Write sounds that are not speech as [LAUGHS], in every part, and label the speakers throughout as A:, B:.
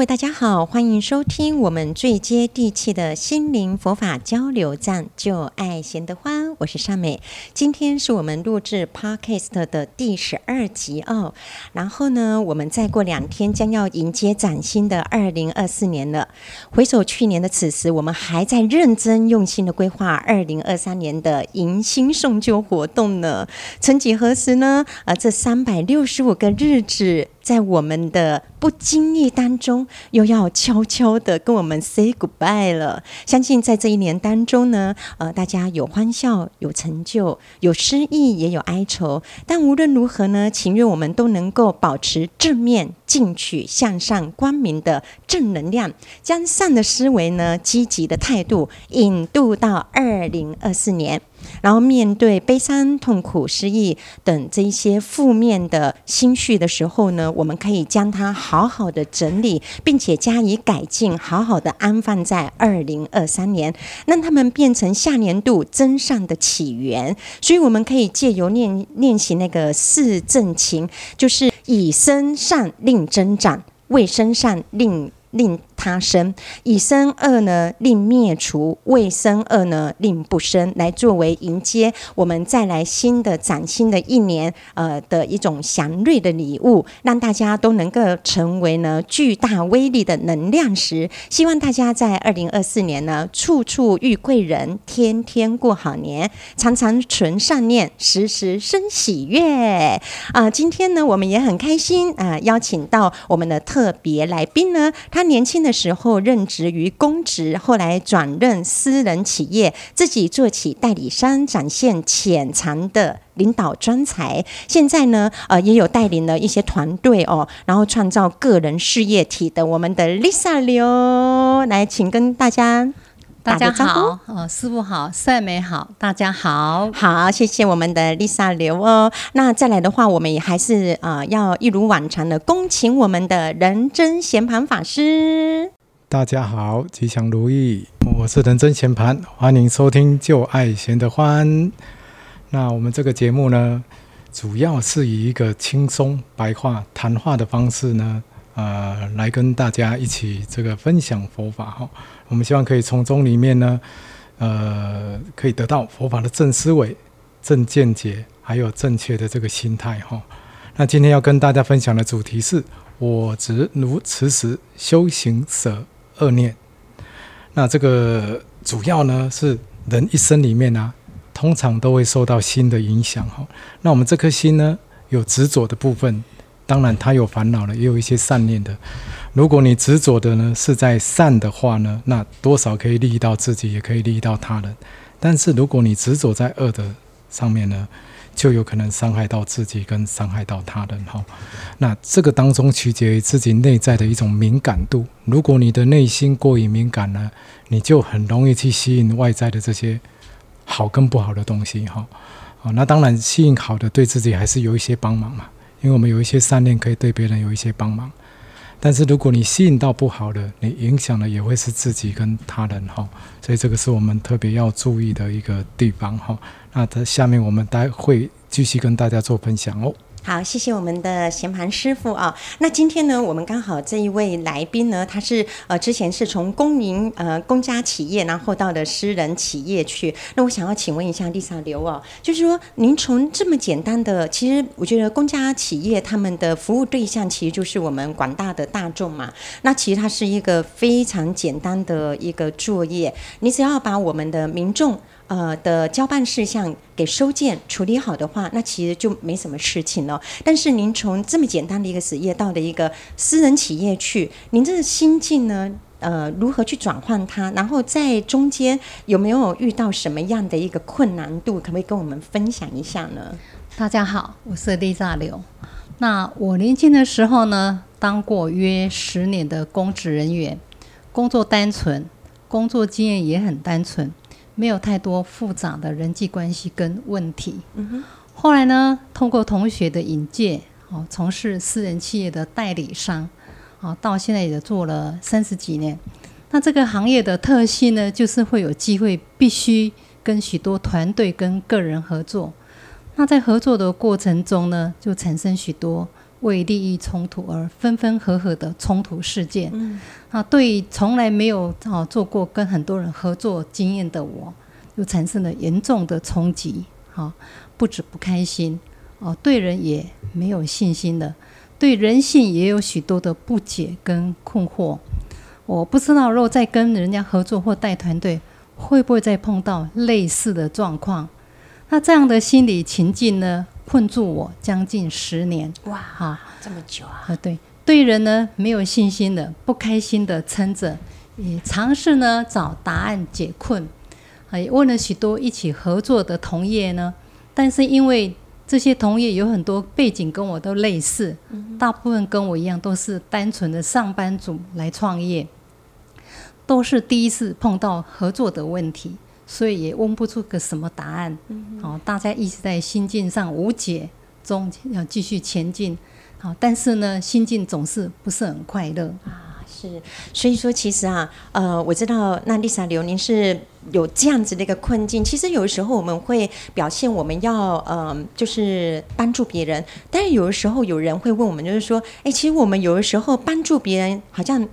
A: 各位大家好，歡迎收聽我們最接地氣的心靈佛法交流站，就愛賢得歡，我是尚美。今天是我們錄制 Podcast 的第十二集哦。然後呢，我們再過兩天將要迎接嶄新的二零二四年了。回首去年的此時，我們還在認真用心的規劃二零二三年的迎新送舊活動呢。曾幾何時呢？啊、呃，這三百六十五個日子。在我們的不經意當中，又要悄悄的跟我們 say goodbye 了。相信在這一年當中呢，呃，大家有歡笑，有成就，有失意，也有哀愁。但無論如何呢，情願我們都能夠保持正面、進取、向上、光明的正能量，將善的思維呢、積極的態度引渡到二零二四年。然後面對悲傷、痛苦、失意等這一些負面的心緒的時候呢，我們可以將它好好的整理，並且加以改進，好好的安放在二零二三年，讓它們變成下年度增善的起源。所以我們可以借由練練習那個四正勤，就是已生善令增長，未生善令生，他生已生惡呢，令滅除；未生惡呢，令不生。來作為迎接我們再來新的嶄新的一年，呃的一種祥瑞的禮物，讓大家都能夠成為呢巨大威力的能量石。希望大家在二零二四年呢，處處遇貴人，天天過好年，常常存善念，時時生喜悅。啊、呃，今天呢，我們也很開心啊、呃，邀請到我們的特別來賓呢，他年輕的。那時候任職於公職，後來轉任私人企業，自己做起代理商，展現潛藏的領導專才。現在呢，呃，也有帶領了一些團隊哦，然後創造個人事業體的。我們的 Lisa 劉，來，請跟大家。
B: 大家好，呃，師父好，帥美好，
A: 大家好，好，謝謝我們的 Lisa 劉哦。那再來的話，我們也還是啊、呃，要一如往常的恭請我們的仁增賢槃法師。
C: 大家好，吉祥如意，我是仁增賢槃，歡迎收聽就愛賢得歡。那我們這個節目呢，主要是以一個輕鬆白話談話的方式呢。呃，來跟大家一起這個分享佛法哈、哦。我們希望可以從中裡面呢，呃，可以得到佛法的正思維、正見解，還有正確的這個心態哈、哦。那今天要跟大家分享的主題是“我執如磁石，修行捨惡念”。那這個主要呢是人一生裡面呢、啊，通常都會受到心的影響哈。那我們這顆心呢，有執着的部分。當然，他有煩惱的，也有一些善念的。如果你執着的呢是在善的話呢，那多少可以利益到自己，也可以利益到他人。但是如果你執着在惡的上面呢，就有可能傷害到自己，跟傷害到他人哈。嗯，那這個當中取決於自己內在的一種敏感度。如果你的內心過於敏感呢，你就很容易去吸引外在的這些好跟不好的東西哈。啊，那當然吸引好的，對自己還是有一些幫忙嘛。因為我們有一些善念，可以對別人有一些幫忙，但是如果你吸引到不好的，你影響的也會是自己跟他人哈，所以這個是我們特別要注意的一個地方哈。那在下面我們待會繼續跟大家做分享哦。
A: 好，謝謝我們的賢槃師父啊、哦。那今天呢，我們剛好這一位來賓呢，他是呃之前是從公民、呃公家企業，然後到的私人企業去。那我想要請問一下 Lisa 劉啊、哦，就是說您從這麼簡單的，其實我覺得公家企業他們的服務對象其實就是我們廣大的大眾嘛。那其實它是一個非常簡單的一個作業，你只要把我們的民眾。呃的交辦事項給收件處理好的話，那其實就沒什麼事情了。但是您從這麼簡單的一個職業到了一個私人企業去，您這心境呢，呃，如何去轉換它？然後在中間有沒有遇到什麼樣的
B: 一個困難度？可不可以跟我們分享一下呢？大家好，我是 Lisa 劉。那我年輕的時候呢，當過約十年的公職人員，工作單純，工作經驗也很單純。沒有太多複雜的人際關係跟問題。後來呢，通過同學的引薦，啊，從事私人企業的代理商，啊，到現在也做了三十幾年。那這個行業的特性呢，就是會有機會必須跟許多團隊跟個人合作。那在合作的過程中呢，就產生許多。為利益衝突而分分合合的衝突事件，嗯、啊，對於從來沒有啊做過跟很多人合作經驗的我，又產生了嚴重的衝擊，啊，不止不開心，哦、啊，對人也沒有信心了，對人性也有許多的不解跟困惑。我不知道如果再跟人家合作或帶團隊，會不會再碰到類似的狀況？那這樣的心理情境呢？困住我將近十年哇！哈、啊，這麼久啊！對，對人呢沒有信心的，不開心的，撐着，也嘗試呢找答案解困，也問了許多一起合作的同業呢。但是因為這些同業有很多背景跟我都類似，嗯哼，大部分跟我一樣都是單純的上班族來創業，都是第一次碰到合作的問題。所以也問不出個什麼答案，好，嗯哼哦，大家一直在心境上無解中要繼續前進，好，哦，但是呢，心境總是不是很快樂啊。是，所以
A: 說其實啊，呃，我知道那 Lisa 劉您是有這樣子的一個困境。其實有的時候我們會表現我們要呃，就是幫助別人，但是有的時候有人會問我們，就是說，哎，其實我們有的時候幫助別人，好像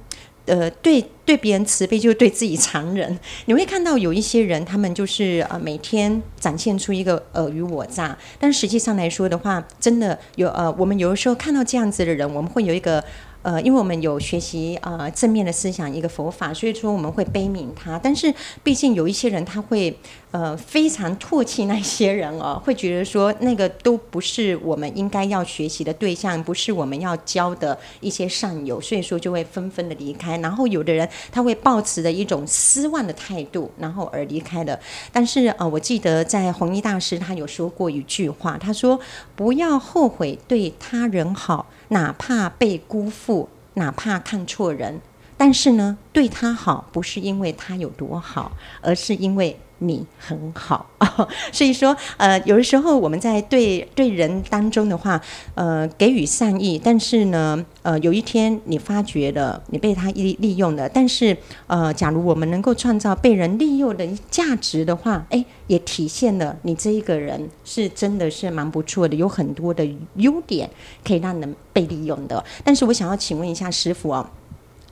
A: 呃對。對別人慈悲，就是對自己殘忍。你會看到有一些人，他們就是呃每天展現出一個爾虞、呃、我詐，但實際上來說的話，真的有呃我們有的時候看到這樣子的人，我們會有一個呃，因為我們有學習呃正面的思想一個佛法，所以說我們會悲憫他。但是畢竟有一些人，他會呃非常唾棄那些人哦、呃，會覺得說那個都不是我們應該要學習的對象，不是我們要教的一些善友，所以說就會紛紛的離開。然後有的人。他會抱持着一種失望的態度，然後而離開的。但是啊、呃，我記得在弘一大師他有說過一句話，他說：“不要後悔對他人好，哪怕被辜負，哪怕看錯人。但是呢，對他好，不是因為他有多好，而是因為。”你很好， [LAUGHS] 所以說，呃，有的時候我們在對對人當中的話，呃，給予善意，但是呢，呃，有一天你發覺了你被他利利用了，但是，呃，假如我們能夠創造被人利用的價值的話，誒，也體現了你這一個人是真的是蠻不錯的，有很多的優點可以讓人被利用的。但是我想要請問一下師父哦。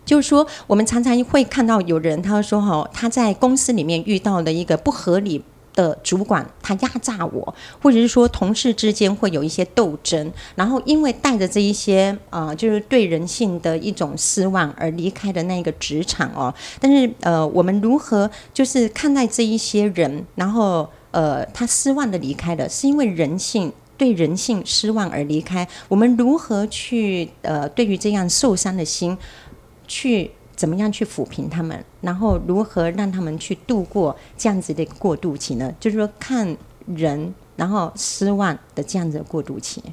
A: 就是說，我們常常會看到有人他說哈，他在公司裡面遇到了一個不合理的主管，他壓榨我，或者是說同事之間會有一些鬥爭，然後因為帶着這一些呃，就是對人性的一種失望而離開的那個職場哦。但是呃，我們如何就是看待這一些人，然後呃，他失望的離開的是因為人性，對人性失望而離開，我們如何去呃，對於這樣受傷的心？去怎麼樣去撫平他們，然後如何讓他們去度過這樣子的一個過渡期呢？就是說，看人然後失望的這樣子的過渡期。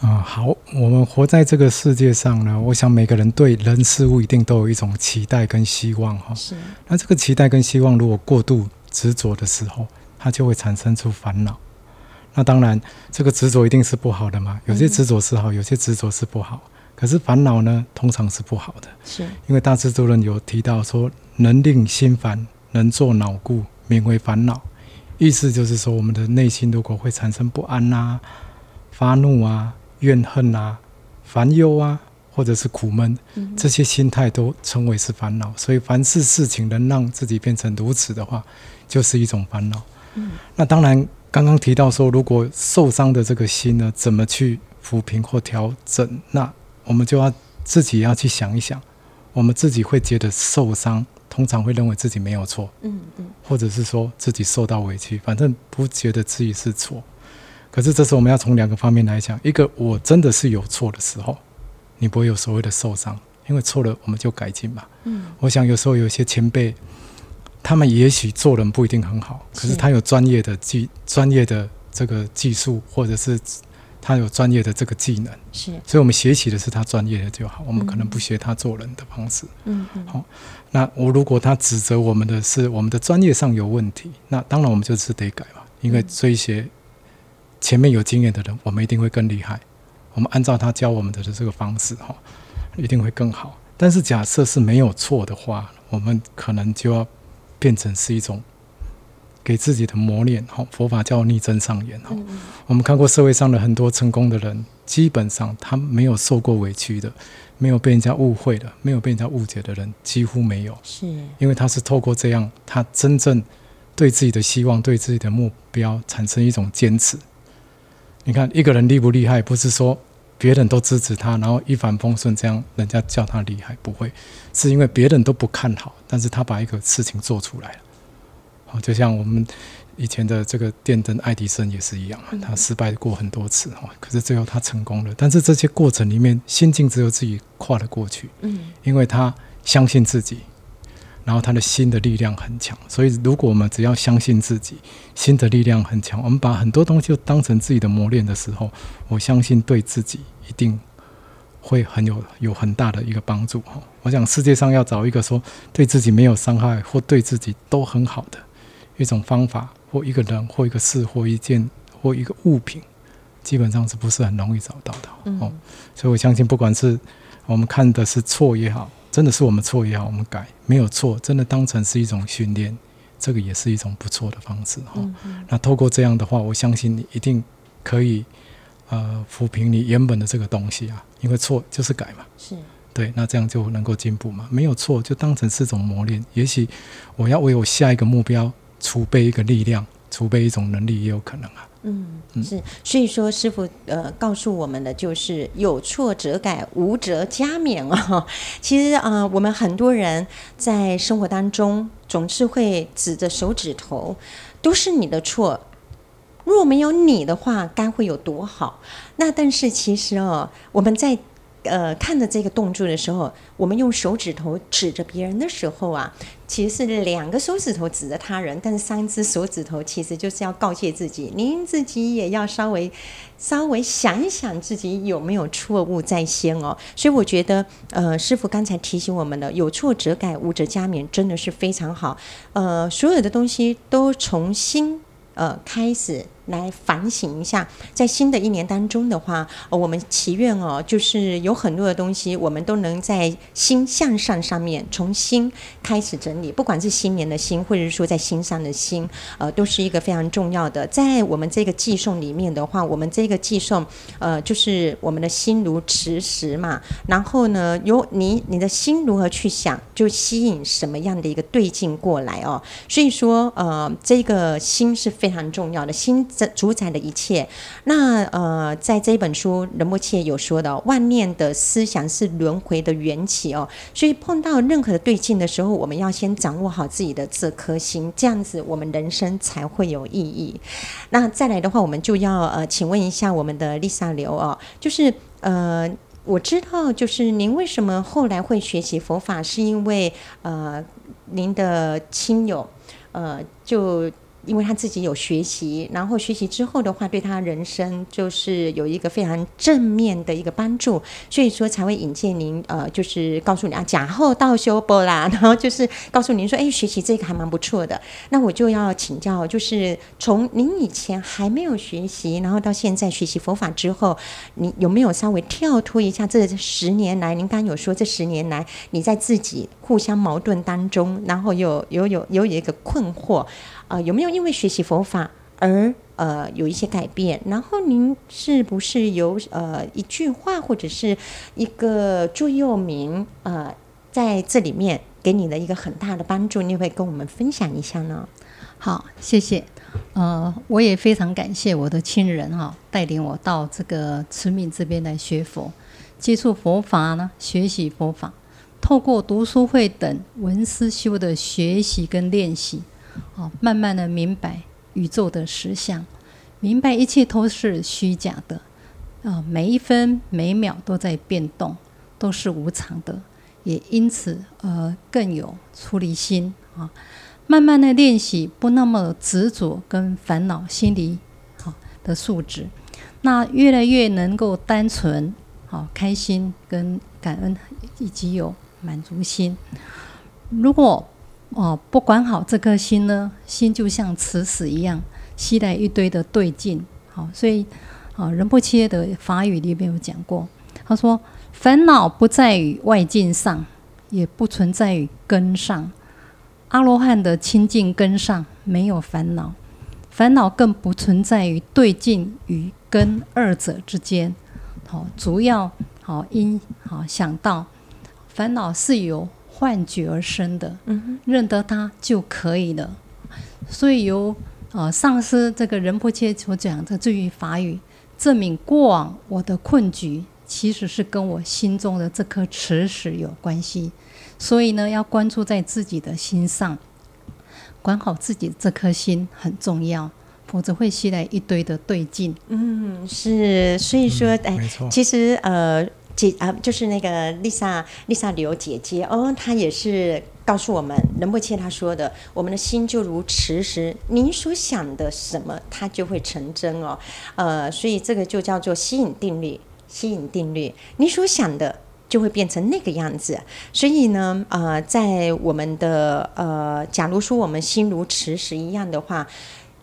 A: 啊、嗯，
C: 好，我們活在這個世界上呢，我想每個人對人事物一定都有一種期待跟希望，哈。是。那這個期待跟希望，如果過度執着的時候，它就會產生出煩惱。那當然，這個執着一定是不好的嘛。有些執着是好，有些執着是不好。嗯嗯可是煩惱呢，通常是不好的。是，因為大智度論有提到說，能令心煩，能作惱故，名為煩惱。意思就是說，我們的內心如果會產生不安吶、啊、發怒啊、怨恨啊、煩憂啊，或者是苦悶，嗯、哼這些心態都稱為是煩惱。所以，凡是事情能讓自己變成如此的話，就是一種煩惱。嗯、那當然，剛剛提到說，如果受傷的這個心呢，怎麼去撫平或調整？那我們就要自己要去想一想，我們自己會覺得受傷，通常會認為自己沒有錯，嗯嗯，嗯或者是說自己受到委屈，反正不覺得自己是錯。可是，這時候，我們要從兩個方面來講，一個我真的是有錯的時候，你不會有所謂的受傷，因為錯了我們就改進嘛。嗯，我想有時候有些前輩，他們也許做人不一定很好，是，可是他有專業的技專業的這個技術，或者是。他有專業的這個技能，是，所以我們學習的是他專業的就好，我們可能不學他做人的方式。嗯哼，好、哦，那我如果他指責我們的是我們的專業上有問題，那當然我們就是得改嘛，因為這些前面有經驗的人，嗯、我們一定會更厲害，我們按照他教我們的的這個方式，哈、哦，一定會更好。但是假設是沒有錯的話，我們可能就要變成是一種。給自己的磨練，哈，佛法叫逆增上緣，哈、嗯。我們看過社會上的很多成功的人，基本上他沒有受過委屈的，沒有被人家誤會的，沒有被人家誤解的人幾乎沒有。是因為他是透過這樣，他真正對自己的希望、對自己的目標產生一種堅持。你看一個人厲不厲害，不是說別人都支持他，然後一帆風順，這樣人家叫他厲害，不會，是因為別人都不看好，但是他把一個事情做出來了。好，就像我們以前的這個電燈，愛迪生也是一樣，他失敗過很多次哦，可是最後他成功了。但是這些過程裡面，心境只有自己跨了過去，嗯，因為他相信自己，然後他的心的力量很強。所以，如果我們只要相信自己，心的力量很強，我們把很多東西就當成自己的磨練的時候，我相信對自己一定會很有有很大的一個幫助哈。我想世界上要找一個說對自己沒有傷害或對自己都很好的。一種方法或一個人或一個事或一件或一個物品，基本上是不是很容易找到的？嗯、哦，所以我相信，不管是我們看的是錯也好，真的是我們錯也好，我們改沒有錯，真的當成是一種訓練，這個也是一種不錯的方式。哈、哦，嗯、哼那透過這樣的話，我相信你一定可以呃撫平你原本的這個東西啊，因為錯就是改嘛，是對，那這樣就能夠進步嘛，沒有錯就當成是一種磨練，也許我要為我下一個目標。儲備一個力量，儲備一種能力也有可能啊。嗯，
A: 嗯是，所以說師父呃告訴我們的就是有錯則改，無則加勉啊、哦。其實啊、呃，我們很多人在生活當中總是會指着手指頭，都是你的錯。如果沒有你的話，該會有多好？那但是其實哦，我們在。呃，看着這個動作的時候，我們用手指頭指着別人的時候啊，其實是兩個手指頭指着他人，但是三隻手指頭其實就是要告誡自己，您自己也要稍微稍微想一想自己有沒有錯誤在先哦。所以我覺得，呃，師父剛才提醒我們的“有錯則改，無則加勉”真的是非常好。呃，所有的東西都重新呃開始。來反省一下，在新的一年當中的話，呃，我們祈願哦，就是有很多的東西，我們都能在心向上上面從心開始整理。不管是新年的心，或者是說在心上的心，呃，都是一個非常重要的。在我們這個偈頌裡面的話，我們這個偈頌，呃，就是我們的心如磁石嘛。然後呢，由你你的心如何去想，就吸引什麼樣的一個對境過來哦。所以說，呃，這個心是非常重要的心。這主宰的一切，那呃，在這一本書，仁波切有說的，萬念的思想是輪回的緣起哦，所以碰到任何的對境的時候，我們要先掌握好自己的這顆心，這樣子我們人生才會有意義。那再來的話，我們就要呃，請問一下我們的麗莎劉哦，就是呃，我知道就是您為什麼後來會學習佛法，是因為呃，您的親友呃就。因為他自己有學習，然後學習之後的話，對他人生就是有一個非常正面的一個幫助，所以說才會引薦您，呃，就是告訴你啊，假後到修波啦，然後就是告訴您說，哎，學習這個還蠻不錯的。那我就要請教，就是從您以前還沒有學習，然後到現在學習佛法之後，你有沒有稍微跳脫一下這十年來？您剛剛有說這十年來你在自己互相矛盾當中，然後有有有有一個困惑。啊、呃，有沒有因為學習佛法而呃有一些改變？然後您是不是有呃一句話或者是一個座右銘呃在這裡面
B: 給你的一個很大的幫助？你會跟我們分享一下呢？好，謝謝。呃，我也非常感謝我的親人哈、哦，帶領我到這個慈明這邊來學佛，接觸佛法呢，學習佛法，透過讀書會等聞思修的學習跟練習。哦，慢慢的明白宇宙的實相，明白一切都是虛假的，啊、呃，每一分每一秒都在變動，都是無常的，也因此呃更有出離心啊、哦。慢慢的練習不那麼執着跟煩惱心理好、哦，的素質，那越來越能夠單純好、哦、開心跟感恩，以及有滿足心。如果。哦，不管好這顆心呢，心就像磁石一樣，吸來一堆的對境。好，所以，好仁波切的法語裡邊有講過，他說煩惱不在於外境上，也不存在於根上。阿羅漢的清淨根上沒有煩惱，煩惱更不存在於對境與根二者之間。好、哦，主要好、哦、因好、哦、想到，煩惱是由。幻覺而生的，認得它就可以了。嗯、哼所以由呃上師這個仁波切所講的這句法語，證明過往我的困局其實是跟我心中的這顆磁石有關係。所以呢，要關注在自己的心上，管好自己這顆心很重要，否則會吸來一堆的對境。嗯，是。所以說，嗯、哎，
C: 沒錯。
A: 其實，呃。姐啊，就是那個麗莎，麗莎劉姐姐哦，她也是告訴我們，仁波切她說的，我們的心就如磁石，您所想的什麼，它就會成真哦。呃，所以這個就叫做吸引定律，吸引定律，你所想的就會變成那個樣子。所以呢，呃，在我們的呃，假如說我們心如磁石一樣的話，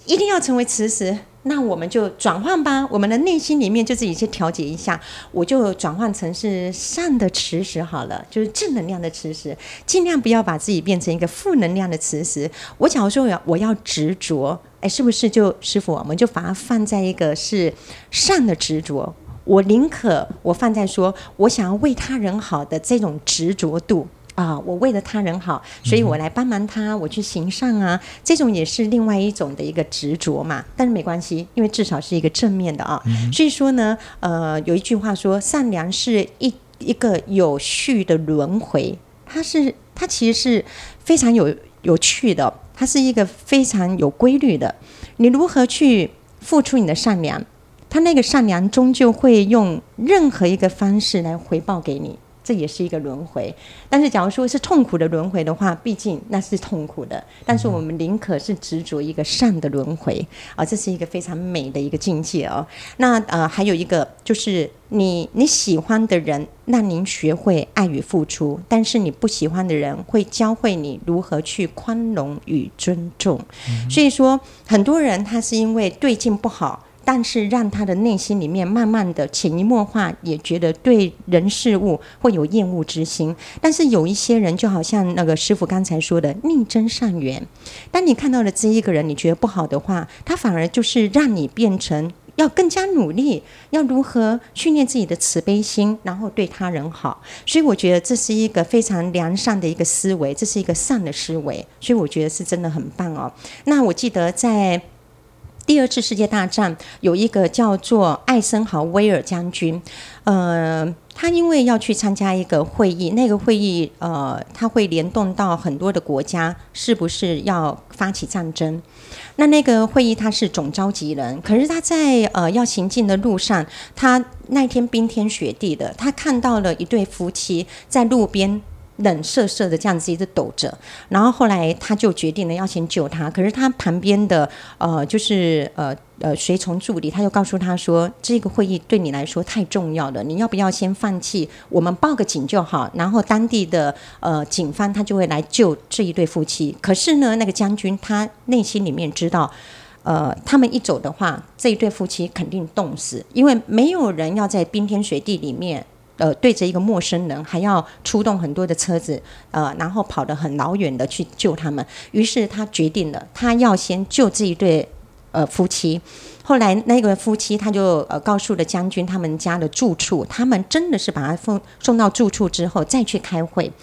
A: 一定要成為磁石。那我們就轉換吧，我們的內心裡面就自己去調節一下。我就轉換成是善的磁石好了，就是正能量的磁石，儘量不要把自己變成一個負能量的磁石。我假如說要我要執着，哎，是不是就師父，我們就把它放在一個是善的執着？我寧可我放在說我想要為他人好的這種執着度。啊、哦，我為了他人好，所以我來幫忙他，嗯、哼我去行善啊，這種也是另外一種的一個執着嘛。但是沒關係，因為至少是一個正面的啊、哦。嗯、哼所以說呢，呃，有一句話說，善良是一一個有序的輪迴，它是它其實是非常有有趣的，它是一個非常有規律的。你如何去付出你的善良，它那個善良終究會用任何一個方式來回報給你。這也是一個輪迴，但是假如說是痛苦的輪迴的話，畢竟那是痛苦的。但是我們寧可是執着一個善的輪迴啊，呃，這是一個非常美的一個境界哦。那呃，還有一個就是你你喜歡的人，那您學會愛與付出，但是你不喜歡的人，會教會你如何去寬容與尊重。所以說，很多人他是因為對境不好。但是讓他的內心裡面慢慢的潛移默化，也覺得對人事物會有厭惡之心。但是有一些人就好像那個師父剛才說的，逆增善緣。當你看到了這一個人，你覺得不好的話，他反而就是讓你變成要更加努力，要如何訓練自己的慈悲心，然後對他人好。所以我覺得這是一個非常良善的一個思維，這是一個善的思維。所以我覺得是真的很棒哦。那我記得在。第二次世界大戰有一個叫做艾森豪威爾將軍，呃，他因為要去參加一個會議，那個會議呃，他會聯動到很多的國家，是不是要發起戰爭？那那個會議他是總召集人，可是他在呃要行進的路上，他那天冰天雪地的，他看到了一對夫妻在路邊。冷瑟瑟的這樣子一直抖着，然後後來他就決定了要先救他。可是他旁邊的呃就是呃呃隨從助理，他就告訴他說：“這個會議對你來說太重要了，你要不要先放棄？我們報個警就好，然後當地的呃警方他就會來救這一對夫妻。”可是呢，那個將軍他內心裡面知道，呃，他們一走的話，這一對夫妻肯定凍死，因為沒有人要在冰天雪地裡面。呃，對着一個陌生人，還要出動很多的車子，呃，然後跑得很老遠的去救他們。於是他決定了，他要先救這一對呃夫妻。後來那個夫妻他就呃告訴了將軍他們家的住處，他們真的是把他送送到住處之後再去開會。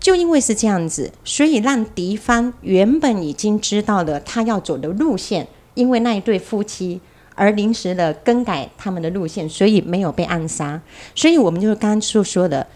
A: 就因為是這樣子，所以讓敵方原本已經知道了他要走的路線，因為那一對夫妻。而臨時的更改他們的路線，所以沒有被暗殺。所以，我們就是剛剛所說，說的，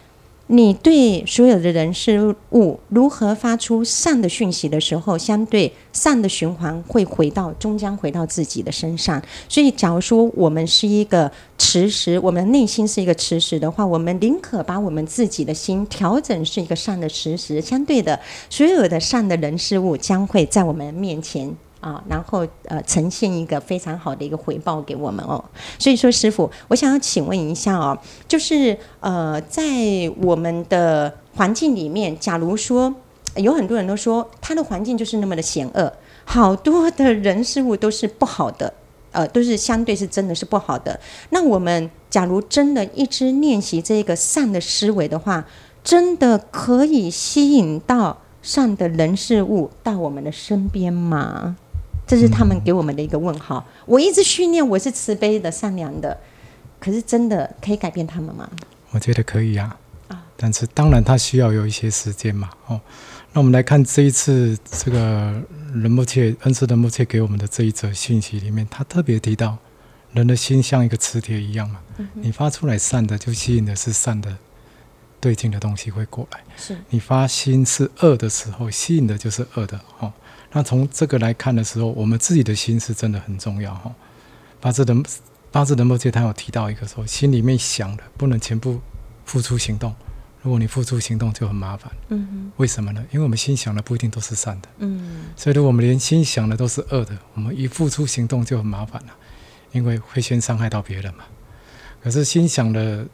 A: 你對所有的人事物如何發出善的訊息的時候，相對善的循環會回到，終將回到自己的身上。所以，假如說我們是一個磁石，我們內心是一個磁石的話，我們寧可把我們自己的心調整是一個善的磁石，相對的所有的善的人事物將會在我們面前。啊、哦，然後呃，呃，呈現一個非常好的一個回報給我們哦。所以說，師父，我想要請問一下哦，就是呃，在我們的環境裡面，假如說、呃、有很多人都說他的環境就是那麼的險惡，好多的人事物都是不好的，呃，都是相對是真的是不好的。那我們假如真的一直練習這個善的思維的話，真的可以吸引到善的人事物到我們的身邊嗎？這是他們給我們的一個問號。嗯、我一直訓練我是慈悲的、善良的，可是真的可以改變他們嗎？
C: 我覺得可以呀。啊，啊但是當然他需要有一些時間嘛。哦，那我們來看這一次這個仁波切 [LAUGHS] 恩師仁波切給我們的這一則信息裡面，他特別提到，人的心像一個磁鐵一樣嘛。嗯、哼你發出來善的，就吸引的是善的對境的東西會過來；是你發心是惡的時候，吸引的就是惡的。哈、哦。那從這個來看的時候，我們自己的心是真的很重要哈。八字的八字的末節他有提到一個說，心裡面想的不能全部付出行動。如果你付出行動，就很麻煩。嗯哼，為什麼呢？因為我們心想的不一定都是善的。嗯，所以如果我們連心想的都是惡的，我們一付出行動就很麻煩了啊，因為會先傷害到別人嘛。可是心想的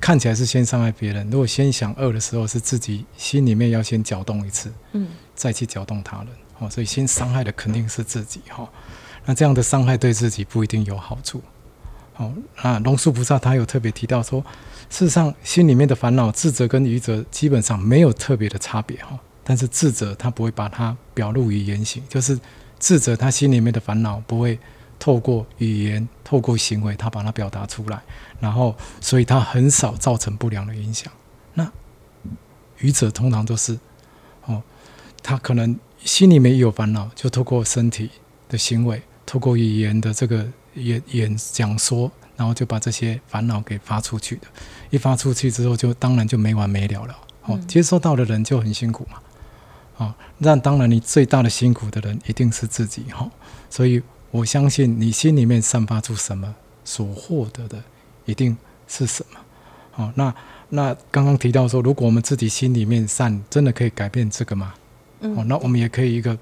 C: 看起來是先傷害別人，如果先想惡的時候，是自己心裡面要先攪動一次，嗯，再去攪動他人。所以先傷害的肯定是自己哈。那這樣的傷害對自己不一定有好處。好，那龍樹菩薩他有特別提到說，事實上心裡面的煩惱，智者跟愚者基本上沒有特別的差別哈。但是智者他不會把它表露於言行，就是智者他心裡面的煩惱不會透過語言、透過行為，他把它表達出來，然後所以他很少造成不良的影響。那愚者通常都是哦，他可能。心裡面有煩惱，就透過身體的行為，透過語言的這個演演講說，然後就把這些煩惱給發出去的。一發出去之後，就當然就沒完沒了了。哦，接收到的人就很辛苦嘛。啊、哦，那當然，你最大的辛苦的人一定是自己哈、哦。所以我相信，你心裡面散發出什麼，所獲得的一定是什麼。好、哦，那那剛剛提到說，如果我們自己心裡面善，真的可以改變這個嗎？嗯、哦，那我們也可以一個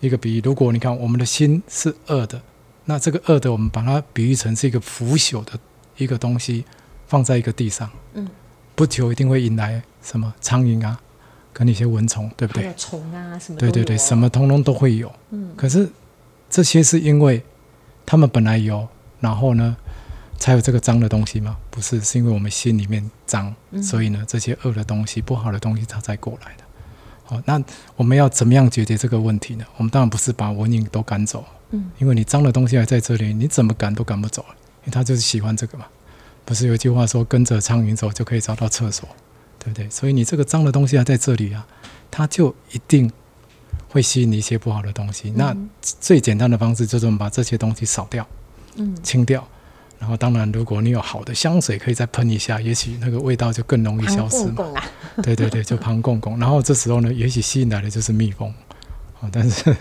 C: 一個比喻。如果你看我們的心是惡的，那這個惡的，我們把它比喻成是一個腐朽的一個東西，放在一個地上，嗯，不久一定會引來什麼蒼蠅啊，跟那些蚊蟲，對不對？還有
A: 蟲啊，什麼？對對對，什
C: 麼通通都會有。嗯，可是這些是因為他們本來有，然後呢，才有這個髒的東西嗎？不是，是因為我們心裡面髒，嗯、所以呢，這些惡的東西、不好的東西，它才過來的。哦，那我們要怎麼樣解決這個問題呢？我們當然不是把蚊蠅都趕走，嗯，因為你髒的東西還在這裡，你怎麼趕都趕不走，因為他就是喜歡這個嘛。不是有一句話說，跟着蒼蠅走就可以找到廁所，對不對？所以你這個髒的東西還在這裡啊，它就一定會吸引你一些不好的東西。嗯，那最簡單的方式就是我們把這些東西掃掉，嗯，清掉。然後，當然，如果你有好的香水，可以再噴一下，也許那個味道就更容易消失嘛。共啊、對對對，就噴公公。 [LAUGHS] 然後這時候呢，也許吸引來的就是蜜蜂。但是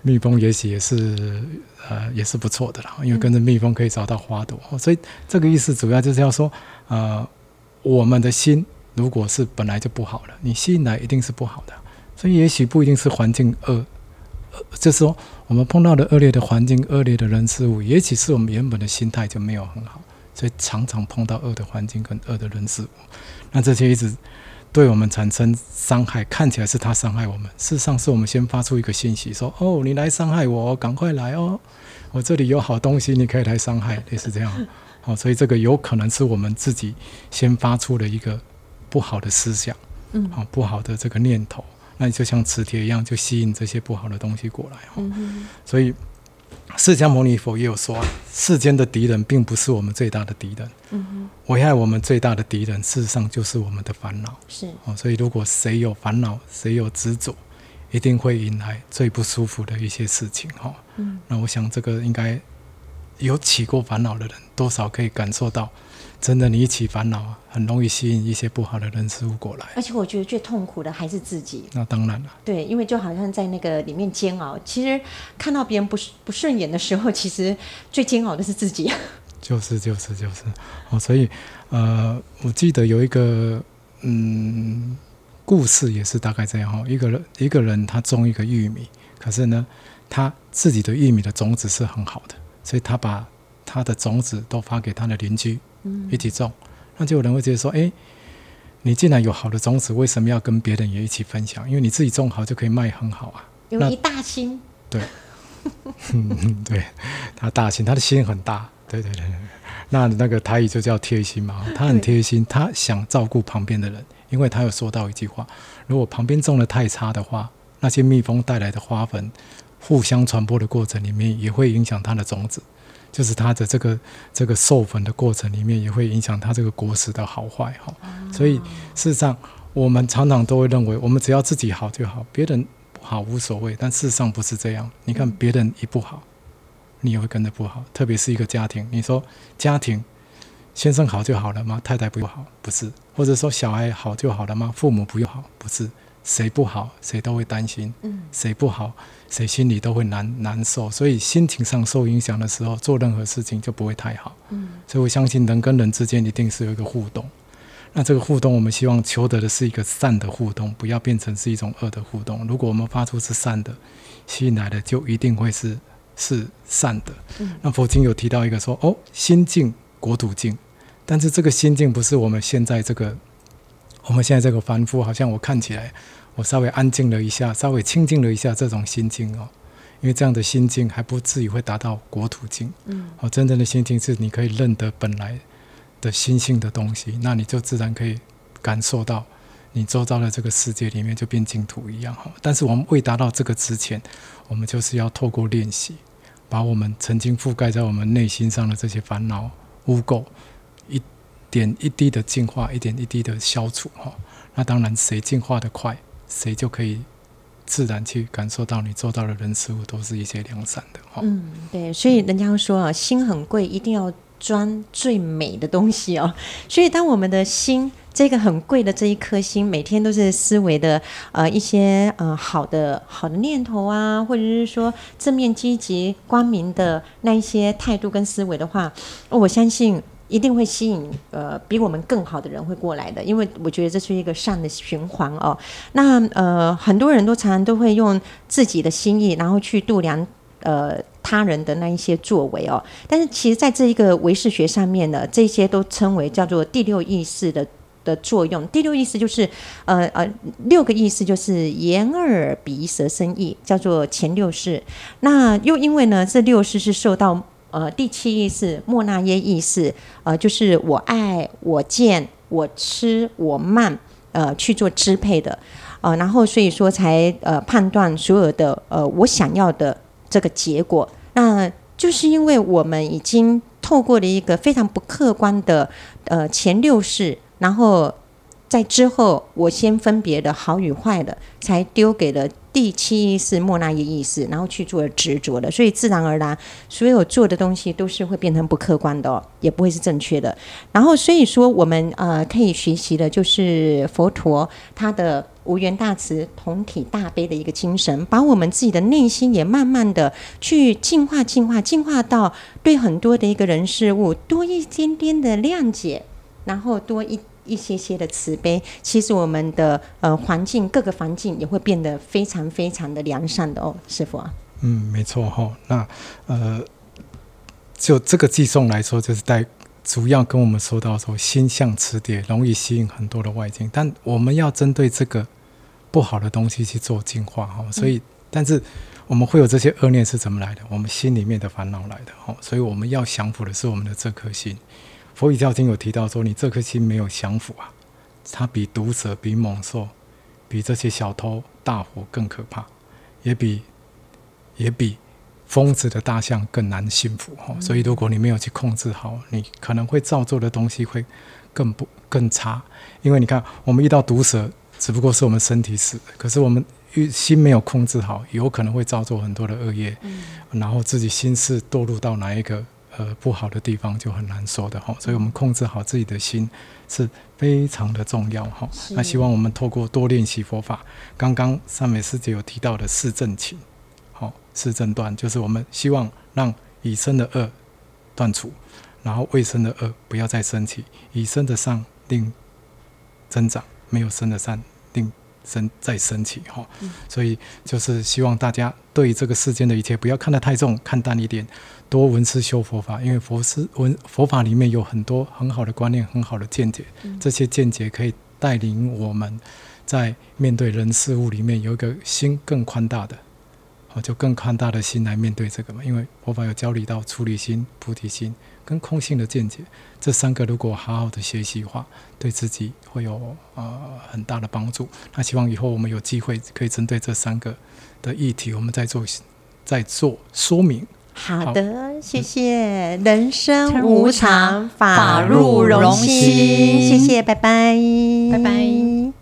C: 蜜蜂也許也是呃，也是不錯的啦，因為跟着蜜蜂可以找到花朵。所以這個意思主要就是要說，呃，我們的心如果是本來就不好了，你吸引來一定是不好的，所以也許不一定是環境惡。就是說，我們碰到的惡劣的環境、惡劣的人事物，也許是我們原本的心態就沒有很好，所以常常碰到惡的環境跟惡的人事物。那這些一直對我們產生傷害，看起來是他傷害我們，事實上是我們先發出一個信息，說：“哦，你來傷害我，趕快來哦，我這裡有好東西，你可以來傷害。”類似這樣。好，所以這個有可能是我們自己先發出了一個不好的思想，嗯，好，不好的這個念頭。那你就像磁鐵一樣，就吸引這些不好的東西過來哈。嗯哼。所以，釋迦牟尼佛也有說啊，世間的敵人並不是我們最大的敵人。嗯哼。危害我們最大的敵人，事實上就是我們的煩惱。是哦，所以如果誰有煩惱，誰有執着，一定會引來最不舒服的一些事情哈。嗯，那我想這個應該有起過煩惱的人，多少可以感受到。真的，你一起煩惱啊，很容易吸引一些不好的人事物過來。
A: 而且我覺得最痛苦的還是自己。
C: 那當然了。
A: 對，因為就好像在那個裡面煎熬。其實看到別人不不順眼的時候，其實最煎熬的是自己。
C: 就是就是就是哦，所以呃，我記得有一個嗯故事也是大概這樣哦，一個人一個人他種一個玉米，可是呢，他自己的玉米的種子是很好的，所以他把他的種子都發給他的鄰居。 [NOISE] 一起種，那就有人會覺得說、欸，你既然有好的種子，為什麼要跟別人也一起分享？因為你自己種好就可以賣很好啊。有一大心。對，嗯 [LAUGHS] [LAUGHS] 對，他大心，他的心很大。對對對，那那個台語，就叫貼心嘛，他很貼心，對他想照顧旁邊的人，因為他有說到一句話，如果旁邊種得太差的話，那些蜜蜂帶來的花粉互相傳播的過程裡面，也會影響他的種子。就是他的這個這個授粉的過程裡面也會影響他這個果實的好壞哈，嗯，所以事實上我們常常都會認為我們只要自己好就好，別人不好無所謂。但事實上不是這樣，你看別人一不好，你也會跟着不好。特別是一個家庭，你說家庭先生好就好了嗎？太太不好不是，或者說小孩好就好了嗎？父母不用好不是。誰不好，誰都會擔心；誰不好，誰心裡都會難難受。所以心情上受影響的時候，做任何事情就不會太好。嗯、所以我相信人跟人之間一定是有一個互動。那這個互動，我們希望求得的是一個善的互動，不要變成是一種惡的互動。如果我們發出是善的，吸引來的就一定會是是善的。嗯、那佛經有提到一個說：“哦，心淨國土淨。”但是這個心淨不是我們現在這個。我們現在這個凡夫，好像我看起來，我稍微安靜了一下，稍微清靜了一下這種心境哦，因為這樣的心境還不至於會達到國土境。嗯，哦，真正的心境是你可以認得本來的心性的東西，那你就自然可以感受到你周遭的這個世界裡面就變淨土一樣哈。但是我們未達到這個之前，我們就是要透過練習，把我們曾經覆蓋在我們內心上的這些煩惱、污垢，點一滴的淨化，一點一滴的消除，哈、哦。那當然，誰淨化得快，誰就可以自然去感受到，你做到的人事物都是一些良善的，
A: 哈、哦。嗯，對，所以人家說啊，心很貴，一定要鑽最美的東西哦。所以，當我們的心這個很貴的這一顆心，每天都是思維的呃一些呃好的好的念頭啊，或者是說正面積極光明的那一些態度跟思維的話，我相信。一定會吸引呃比我們更好的人會過來的，因為我覺得這是一個善的循環哦。那呃很多人都常常都會用自己的心意，然後去度量呃他人的那一些作為哦。但是其實在這一個唯識學上面呢，這些都稱為叫做第六意識的的作用。第六意識就是呃呃六個意識就是眼耳鼻舌身意，叫做前六識。那又因為呢，這六識是受到呃，第七意識末那耶意識，呃，就是我愛我見我癡我慢，呃，去做支配的，呃，然後所以說才呃判斷所有的呃我想要的這個結果，那就是因為我們已經透過了一個非常不客觀的呃前六識，然後在之後我先分別的好與壞的，才丟給了。第七識末那耶識，然後去做執着的，所以自然而然，所有做的東西都是會變成不客觀的哦，也不會是正確的。然後所以說，我們呃可以學習的就是佛陀他的無緣大慈、同體大悲的一個精神，把我們自己的內心也慢慢的去淨化、淨化、淨化到對很多的一個人事物多一點點的諒解，然後多一。一些些的慈悲，其實我們的呃環境，各個環境也會變得非常非常的良善的哦，師父、啊。
C: 嗯，沒錯哈、哦。那呃，就這個寄送來說，就是帶主要跟我們說到說，心像磁石容易吸引很多的外境，但我們要針對這個不好的東西去做淨化哈、哦。所以，嗯、但是我們會有這些惡念是怎麼來的？我們心裡面的煩惱來的哈、哦。所以我們要降服的是我們的這顆心。佛遺教經有提到說，你這顆心沒有降服啊，它比毒蛇，比猛獸，比這些小偷，大火更可怕，也比也比瘋子的大象更難馴服哦，嗯、所以，如果你沒有去控制好，你可能會造作的東西會更不更差。因為你看，我們遇到毒蛇，只不過是我們身體死；可是我們遇心沒有控制好，有可能會造作很多的惡業，嗯、然後自己心事墮入到哪一個？呃，不好的地方就很難說的哈，所以我們控制好自己的心是非常的重要哈。是那希望我們透過多練習佛法，剛剛三美師姐有提到的四正勤，好，四正斷，就是我們希望讓已生的惡斷除，然後未生的惡不要再生起，已生的善令增長，沒有生的善生再升起哈，所以就是希望大家對於這個世間的一切不要看得太重，看淡一點，多聞思修佛法，因為佛思文佛法裡面有很多很好的觀念、很好的見解，這些見解可以帶領我們，在面對人事物裡面有一個心更寬大的，好就更寬大的心來面對這個嘛，因為佛法有教理道、出離心、菩提心，跟空性的見解，這三個如果好好的學習的話，對自己會有呃很大的幫助。那希望以後我們有機會可以針對這三個的議題，我們再做再做說明。好，好的，
A: 謝謝。嗯、人生無常，法入融心。謝謝，拜拜。拜拜。